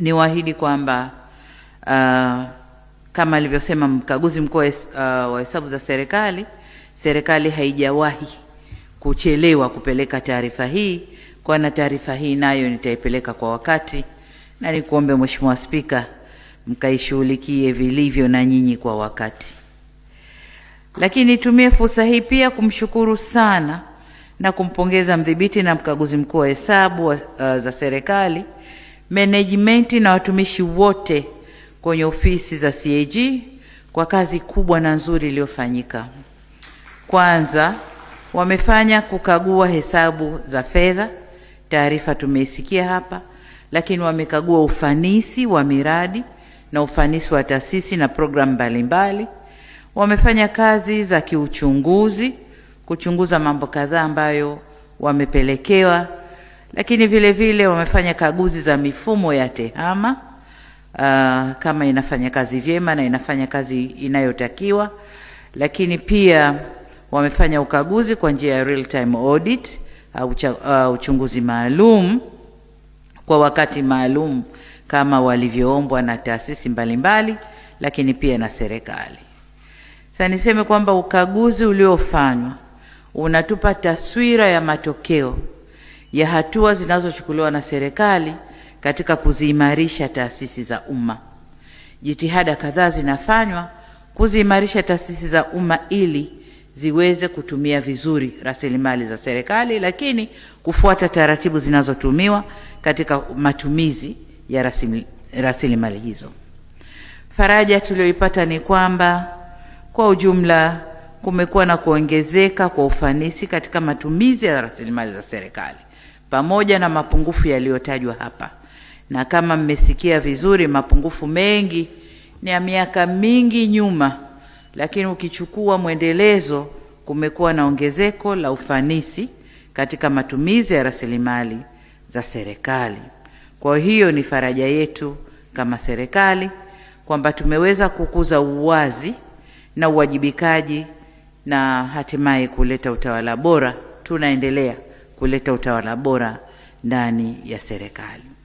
niwaahidi kwamba uh, kama alivyosema mkaguzi mkuu uh, wa hesabu za serikali, serikali haijawahi kuchelewa kupeleka taarifa hii, kwa na taarifa hii nayo nitaipeleka kwa wakati, na nikuombe Mheshimiwa Spika mkaishughulikie vilivyo na nyinyi kwa wakati. Lakini nitumie fursa hii pia kumshukuru sana na kumpongeza mdhibiti na mkaguzi mkuu wa hesabu uh, za serikali management na watumishi wote kwenye ofisi za CAG kwa kazi kubwa na nzuri iliyofanyika. Kwanza wamefanya kukagua hesabu za fedha, taarifa tumeisikia hapa, lakini wamekagua ufanisi wa miradi na ufanisi wa taasisi na programu mbalimbali. Wamefanya kazi za kiuchunguzi, kuchunguza mambo kadhaa ambayo wamepelekewa lakini vile vile wamefanya kaguzi za mifumo ya TEHAMA uh, kama inafanya kazi vyema na inafanya kazi inayotakiwa, lakini pia wamefanya ukaguzi kwa njia ya real time audit au uh, uh, uchunguzi maalum kwa wakati maalum kama walivyoombwa na taasisi mbalimbali mbali, lakini pia na serikali. Sasa niseme kwamba ukaguzi uliofanywa unatupa taswira ya matokeo ya hatua zinazochukuliwa na serikali katika kuziimarisha taasisi za umma. Jitihada kadhaa zinafanywa kuziimarisha taasisi za umma ili ziweze kutumia vizuri rasilimali za serikali, lakini kufuata taratibu zinazotumiwa katika matumizi ya rasilimali hizo. Faraja tuliyoipata ni kwamba kwa ujumla kumekuwa na kuongezeka kwa ufanisi katika matumizi ya rasilimali za serikali pamoja na mapungufu yaliyotajwa hapa, na kama mmesikia vizuri, mapungufu mengi ni ya miaka mingi nyuma, lakini ukichukua mwendelezo, kumekuwa na ongezeko la ufanisi katika matumizi ya rasilimali za serikali. Kwa hiyo ni faraja yetu kama serikali kwamba tumeweza kukuza uwazi na uwajibikaji na hatimaye kuleta utawala bora. Tunaendelea kuleta utawala bora ndani ya serikali.